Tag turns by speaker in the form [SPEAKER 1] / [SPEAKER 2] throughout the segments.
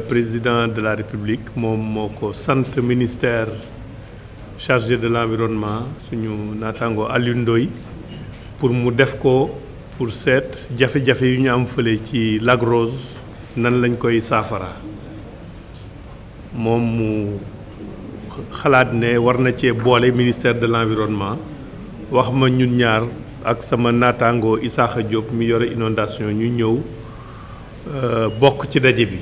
[SPEAKER 1] Le président de la République moom centre ministère chargé de l'environnement suñu Natango Alioune pour mu def pour cette jafé jafé, Union ñu am fële ci Lac Rose nan lañ koy saafara mu ministère de l'environnement wax ma ñun ñaar ak sama Diop mi inondation ñu ñëw euh, Bok ci bi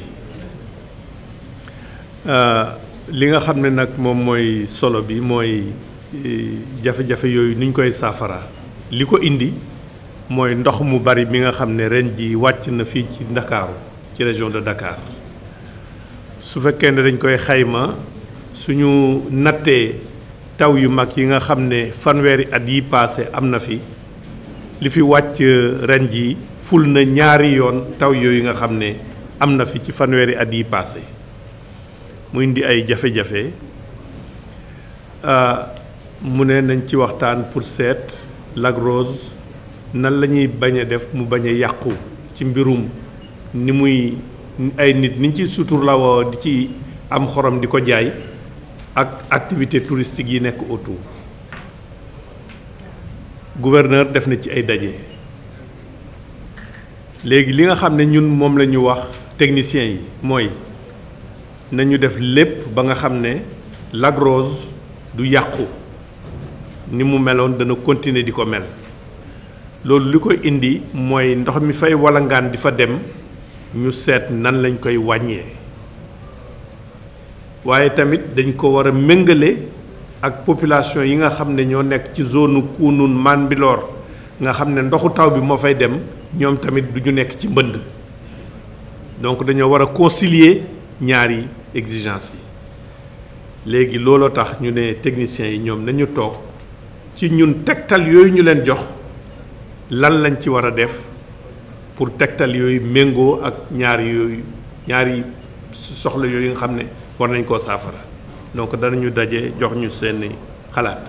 [SPEAKER 1] Euh, li nga xam ne nag moom mooy solo bi mooy eh, jafe-jafe yooyu nuñ koy saafara li ko indi mooy ndox mu bari bi nga xam ne ren ji wàcc na fii ci Ndakaaru ci région de Dakar su fekkee ne dañ koy xayma suñu nattee taw yu mag yi nga xam ne fanweeri at yi paase am na fi li fi wàcc eh, ren ji ful na ñaari yoon taw yooyu nga xam ne am na fi ci fanweeri at yi paase mu indi ay jafe-jafe ah, mu ne nañ ci waxtaan pour seet lagros Rose nan la ñuy bañ a def mu bañ a yàqu ci mbirum ni muy ay nit niñ ci sutur la woo di ci am xorom di ko jaay ak activité touristique yi nekk autour gouverneur def na ci ay daje léegi li nga xam ne ñun moom la ñu wax techniciens yi mooy nañu def lépp ba nga xam ne Lac du yàqu ni mu meloon dana continuer di ko mel loolu li koy indi mooy ndox mi fay walangaan di fa dem ñu seet nan lañ koy wàññee waaye tamit dañ ko war a méngale ak population yi nga xam ne ñoo nekk ci zone man Bambilor nga xam ne ndoxu taw bi moo fay dem ñoom tamit du ñu nekk ci mbënd donc dañoo war a ñaari exigence yi léegi looloo tax ñu ne techniciens yi ñoom nañu toog ci ñun tegtal yooyu ñu leen jox lan lañ ci war a def pour tegtal yooyu méngoo ak ñaari yooyu ñaari soxla yooyu nga xam ne war nañ koo saafara donc ñu daje jox ñu seeni xalaat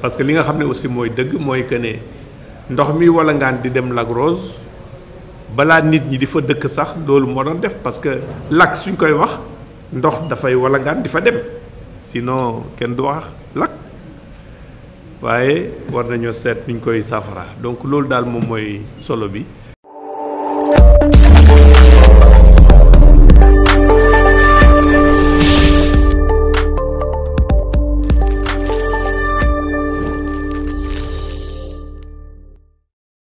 [SPEAKER 1] parce que li nga xam ne aussi mooy dëgg mooy que ne ndox mi wala ngaan di dem lagros bala nit ñi di fa dëkk sax loolu moo doon def parce que lakk suñ koy wax ndox dafay walangaan di fa dem sinon kenn du wax lakk waaye war nañoo seet nuñ koy safara donc loolu daal moom mooy solo bi